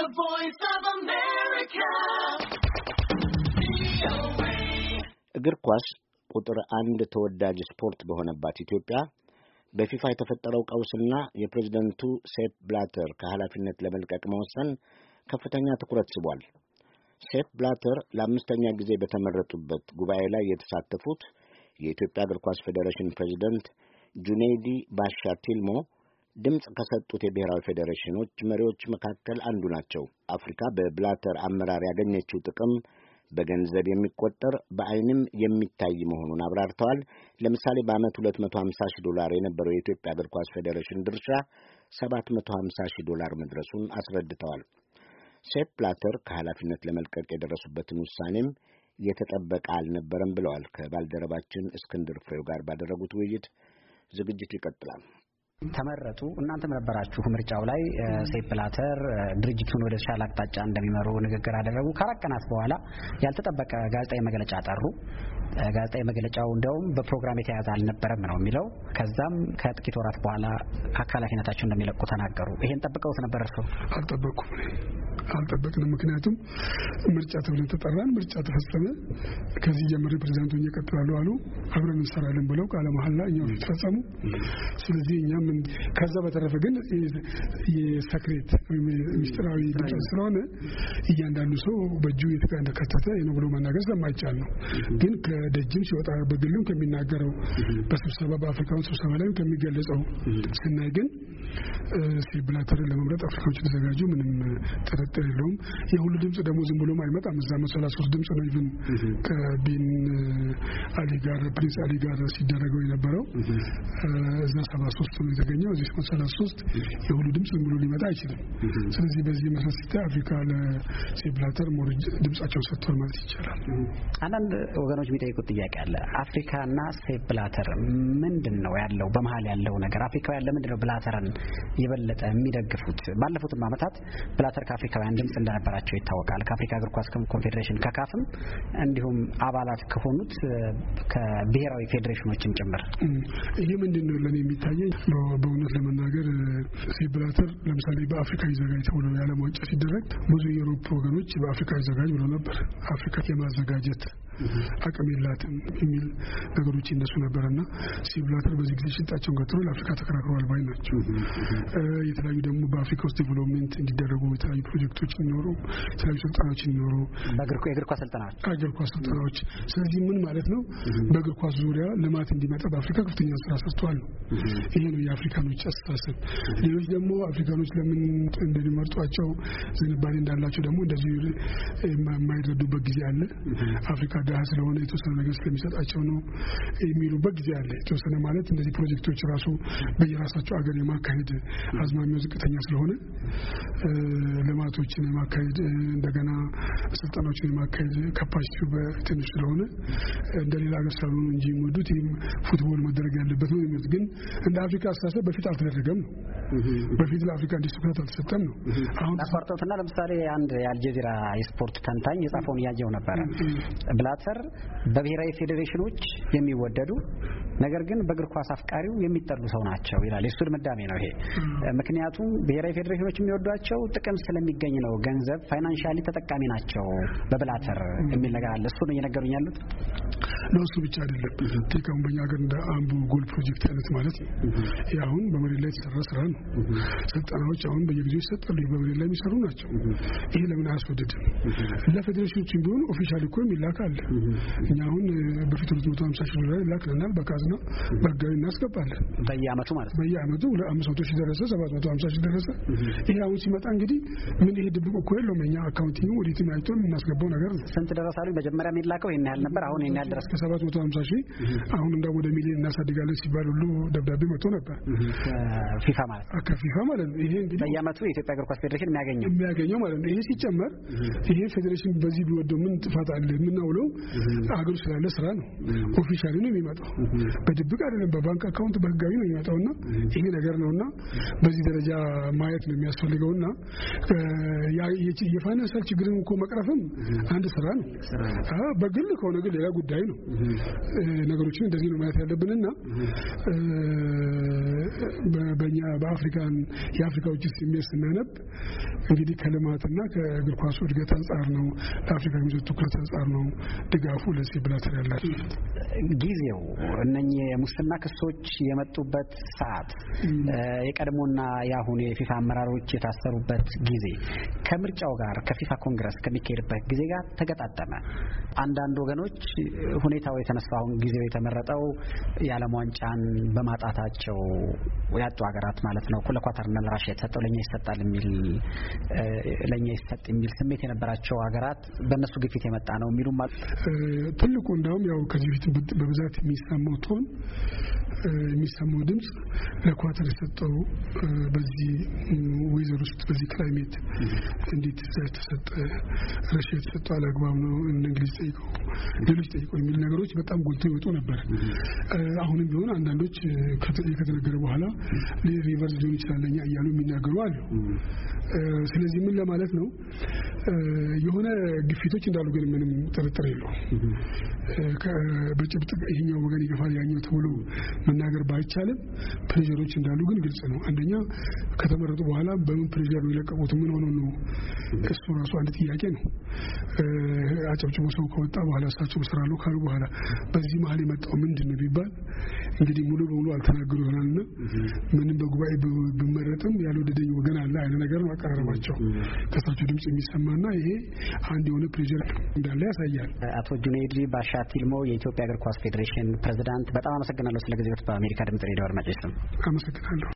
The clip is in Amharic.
The Voice of America. እግር ኳስ ቁጥር አንድ ተወዳጅ ስፖርት በሆነባት ኢትዮጵያ በፊፋ የተፈጠረው ቀውስና የፕሬዝደንቱ ሴፕ ብላተር ከኃላፊነት ለመልቀቅ መወሰን ከፍተኛ ትኩረት ስቧል። ሴፕ ብላተር ለአምስተኛ ጊዜ በተመረጡበት ጉባኤ ላይ የተሳተፉት የኢትዮጵያ እግር ኳስ ፌዴሬሽን ፕሬዚደንት ጁኔይዲ ባሻ ቲልሞ ድምፅ ከሰጡት የብሔራዊ ፌዴሬሽኖች መሪዎች መካከል አንዱ ናቸው። አፍሪካ በብላተር አመራር ያገኘችው ጥቅም በገንዘብ የሚቆጠር በአይንም የሚታይ መሆኑን አብራርተዋል። ለምሳሌ በዓመት 250 ሺህ ዶላር የነበረው የኢትዮጵያ እግር ኳስ ፌዴሬሽን ድርሻ 750 ሺህ ዶላር መድረሱን አስረድተዋል። ሴፕ ብላተር ከኃላፊነት ለመልቀቅ የደረሱበትን ውሳኔም የተጠበቀ አልነበረም ብለዋል። ከባልደረባችን እስክንድር ፍሬው ጋር ባደረጉት ውይይት ዝግጅቱ ይቀጥላል። ተመረጡ። እናንተም ነበራችሁ ምርጫው ላይ። ሴፕ ብላተር ድርጅቱን ወደ ተሻለ አቅጣጫ እንደሚመሩ ንግግር አደረጉ። ከአራት ቀናት በኋላ ያልተጠበቀ ጋዜጣዊ መግለጫ ጠሩ። ጋዜጣዊ መግለጫው እንዲያውም በፕሮግራም የተያዘ አልነበረም ነው የሚለው። ከዛም ከጥቂት ወራት በኋላ ከኃላፊነታቸው እንደሚለቁ ተናገሩ። ይሄን ጠብቀውት ነበር እርሶ? አልጠበቅኩም፣ አልጠበቅንም። ምክንያቱም ምርጫ ተብለን ተጠራን፣ ምርጫ ተፈጸመ። ከዚህ ጀምሬ ፕሬዚዳንቱ እየቀጥላሉ አሉ፣ አብረን እንሰራለን ብለው ቃለ መሀላ እኛው ተፈጸሙ። ስለዚህ እኛም ከዛ በተረፈ ግን የሰክሬት ምስጢራዊ ድምፅ ስለሆነ እያንዳንዱ ሰው በእጁ የት እንደከተተ ነው ብሎ መናገር ስለማይቻል ነው። ግን ከደጅም ሲወጣ በግሉም ከሚናገረው በስብሰባ በአፍሪካን ስብሰባ ላይም ከሚገለጸው ስናይ ግን ሲ ለመምረጥ አፍሪካዎች የተዘጋጁ ምንም ጥርጥር የለውም። የሁሉ ድምጽ ደግሞ ዝም ብሎም አይመጣም። እዛ መቶ ሰላሳ ሶስት ድምጽ ነው ኢቭን ከቢን አሊ ጋር ፕሪንስ አሊ ጋር ሲደረገው የነበረው እዛ ሰባ ሶስት ነው የተገኘው። እዚህ መቶ ሰላሳ ሶስት የሁሉ ድምጽ ዝም ብሎ ሊመጣ አይችልም። ስለዚህ በዚህ መሰረት ሲታይ አፍሪካ ለሲብላተር ሞር ድምጻቸውን ሰጥተዋል ማለት ይቻላል። አንዳንድ ወገኖች የሚጠይቁት ጥያቄ አለ። አፍሪካና ሴፕ ብላተር ምንድን ነው ያለው? በመሀል ያለው ነገር አፍሪካውያን ለምንድን ነው ብላተርን የበለጠ የሚደግፉት? ባለፉትም ዓመታት ብላተር ከአፍሪካውያን ድምፅ እንደነበራቸው ይታወቃል። ከአፍሪካ እግር ኳስ ኮንፌዴሬሽን ከካፍም እንዲሁም አባላት ከሆኑት ከብሔራዊ ፌዴሬሽኖችም ጭምር ይሄ ምንድን ነው ለእኔ የሚታየኝ በእውነት ለመናገር ሲብላተር ለምሳሌ በአፍሪካ ይዘጋጅ ተብሎ የዓለም ዋንጫ ሲደረግ ብዙ የአውሮፓ ወገኖች በአፍሪካ ይዘጋጅ ብሎ ነበር። አፍሪካ የማዘጋጀት አቅም የላትም የሚል ነገሮች ይነሱ ነበር እና ሲብላተር በዚህ ጊዜ ሽንጣቸውን ቀጥሎ ለአፍሪካ ተከራክረዋል ባይ ናቸው። የተለያዩ ደግሞ በአፍሪካ ውስጥ ዲቨሎፕመንት እንዲደረጉ የተለያዩ ፕሮጀክቶች እንዲኖሩ፣ የተለያዩ ስልጠናዎች እንዲኖሩ የእግር ኳስ ስልጠናዎች እግር ኳስ ስልጠናዎች። ስለዚህ ምን ማለት ነው? በእግር ኳስ ዙሪያ ልማት እንዲመጣ በአፍሪካ ከፍተኛ ስራ ሰርተዋል ነው። ይሄ ነው የአፍሪካኖች አስተሳሰብ። ሌሎች ደግሞ አፍሪካኖች ለምን እንደሚመርጧቸው ዝንባሌ እንዳላቸው ደግሞ እንደዚህ የማይረዱበት ጊዜ አለ። አፍሪካ ድሃ ስለሆነ የተወሰነ ነገር ስለሚሰጣቸው ነው የሚሉበት ጊዜ አለ። የተወሰነ ማለት እነዚህ ፕሮጀክቶች ራሱ በየራሳቸው አገር የማካሄድ አዝማሚያው ዝቅተኛ ስለሆነ ልማቶችን የማካሄድ እንደገና ስልጠናዎችን የማካሄድ ካፓሲቲው በትንሽ ስለሆነ እንደ ሌላ ሀገር ስላልሆኑ እንጂ የሚወዱት ይህም ፉትቦል መደረግ ያለበት ነው የሚሉት ግን እንደ አፍሪካ አስተሳሰብ በፊት አልተደረገም ነው። በፊት ለአፍሪካ እንዲህ ትኩረት አልተሰጠም ነው። አሁን ላቋርጦትና ለምሳሌ አንድ የአልጀዚራ የስፖርት ተንታኝ የጻፈውን እያየው ነበረ ብላ በማሳተር በብሔራዊ ፌዴሬሽኖች የሚወደዱ ነገር ግን በእግር ኳስ አፍቃሪው የሚጠሉ ሰው ናቸው ይላል። የሱ ድምዳሜ ነው ይሄ። ምክንያቱም ብሔራዊ ፌዴሬሽኖች የሚወዷቸው ጥቅም ስለሚገኝ ነው፣ ገንዘብ ፋይናንሻሊ ተጠቃሚ ናቸው በብላተር የሚል ነገር አለ። እሱ ነው እየነገሩኝ ያሉት። ለእሱ ብቻ አይደለም። ቴካሁን በእኛ ሀገር እንደ አምቡ ጎል ፕሮጀክት አይነት ማለት ነው። ይህ አሁን በመሬት ላይ የተሰራ ስራ ነው። ስልጠናዎች አሁን በየጊዜው ይሰጣሉ። በመሬት ላይ የሚሰሩ ናቸው። ይሄ ለምን አያስወድድም? ለፌዴሬሽኖች ቢሆን ኦፊሻል እኮ የሚላክ አለ አይደለም። እኛ አሁን በፊት ሁለት መቶ ሀምሳ ሺህ ዶላር ላክልናል በካዝና በህጋዊ እናስገባለን። በየአመቱ ማለት ነው። በየአመቱ አምስት መቶ ሺህ ደረሰ፣ ሰባት መቶ ሀምሳ ሺህ ደረሰ። ይሄ አሁን ሲመጣ እንግዲህ ምን ይሄ ድብቅ እኮ የለውም። እኛ አካውንቲንግ ወዴትም አይቶ የምናስገባው ነገር ነው። ስንት ደረሳሉ? መጀመሪያ የሚላከው ይህን ያህል ነበር። አሁን ይህን ያህል ደረሰ። ከሰባት መቶ ሀምሳ ሺህ አሁን እንደ ወደ ሚሊዮን እናሳድጋለን ሲባል ሁሉ ደብዳቤ መጥቶ ነበር ፊፋ ማለት ነው። ከፊፋ ማለት ነው። ይሄ እንግዲህ በየአመቱ የኢትዮጵያ እግር ኳስ ፌዴሬሽን የሚያገኘው የሚያገኘው ማለት ነው። ይሄ ሲጨመር ይሄ ፌዴሬሽን በዚህ ቢወደው ምን ጥፋት አለ? የምናውለው አገሩ ስላለ ስራ ነው። ኦፊሻሊ ነው የሚመጣው፣ በድብቅ አይደለም። በባንክ አካውንት በህጋዊ ነው የሚመጣው እና ይሄ ነገር ነው እና በዚህ ደረጃ ማየት ነው የሚያስፈልገው እና የፋይናንሻል ችግርን እኮ መቅረፍም አንድ ስራ ነው። በግል ከሆነ ግን ሌላ ጉዳይ ነው። ነገሮችን እንደዚህ ነው ማየት ያለብንና በእኛ በአፍሪካን የአፍሪካዎች ስሜት ስናነብ እንግዲህ ከልማትና ከእግር ኳሱ እድገት አንጻር ነው፣ ለአፍሪካ የሚሰጥ ትኩረት አንጻር ነው፣ ድጋፉ ለዚህ ብላት ያላቸው ጊዜው እነኚህ የሙስና ክሶች የመጡበት ሰዓት የቀድሞና የአሁኑ የፊፋ አመራሮች የታሰሩበት ጊዜ ከምርጫው ጋር ከፊፋ ኮንግረስ ከሚካሄድበት ጊዜ ጋር ተገጣጠመ። አንዳንድ ወገኖች ሁኔታው የተነሳ አሁን ጊዜው የተመረጠው የዓለም ዋንጫን በማጣታቸው ያጡ ሀገራት ማለት ነው ለኳታርና ለራሽ የተሰጠው ለእኛ ይሰጣል የሚል ለእኛ ይሰጥ የሚል ስሜት የነበራቸው ሀገራት በእነሱ ግፊት የመጣ ነው የሚሉም ትልቁ እንዳውም ያው ከዚህ በፊት በብዛት የሚሰማው ቶን የሚሰማው ድምፅ ለኳተር የሰጠው በዚህ ወይዘር ውስጥ በዚህ ክላይሜት እንዴት ዛች ተሰጠ ረሽያ የተሰጠው አላግባብ ነው እነ እንግሊዝ ጠይቀው ሌሎች ጠይቀው የሚል ነገሮች በጣም ጎልተው ይወጡ ነበር። አሁንም ቢሆን አንዳንዶች ከተነገረ በኋላ ሪቨርስ ሊሆን ይችላል ለኛ እያሉ የሚናገሩ አሉ። ስለዚህ ምን ለማለት ነው የሆነ ግፊቶች እንዳሉ ግን ምንም ጥርጥር ነው። በጭብጥ ይሄኛው ወገን ይገፋል ያኛው ተብሎ መናገር ባይቻልም ፕሬዠሮች እንዳሉ ግን ግልጽ ነው። አንደኛ ከተመረጡ በኋላ በምን ፕሬዠር ነው የለቀቁት? ምን ሆኖ ነው? እሱ ራሱ አንድ ጥያቄ ነው። አጨብጭቦ ሰው ከወጣ በኋላ እሳቸው ነው ካሉ በኋላ በዚህ መሀል የመጣው ምንድን ነው ቢባል እንግዲህ ሙሉ በሙሉ አልተናገሩ ይሆናልና ምንም በጉባኤ ብመረጥም ያልወደደኝ ወገን አለ አይነ ነገር ነው አቀራረባቸው ከእሳቸው ድምጽ የሚሰማና ይሄ አንድ የሆነ ፕሬዠር እንዳለ ያሳያል። አቶ ጁኔይድ ባሻቲልሞ የኢትዮጵያ እግር ኳስ ፌዴሬሽን ፕሬዝዳንት፣ በጣም አመሰግናለሁ ስለ ጊዜዎት በአሜሪካ ድምጽ ሬዲዮ አድማጮች ስም አመሰግናለሁ።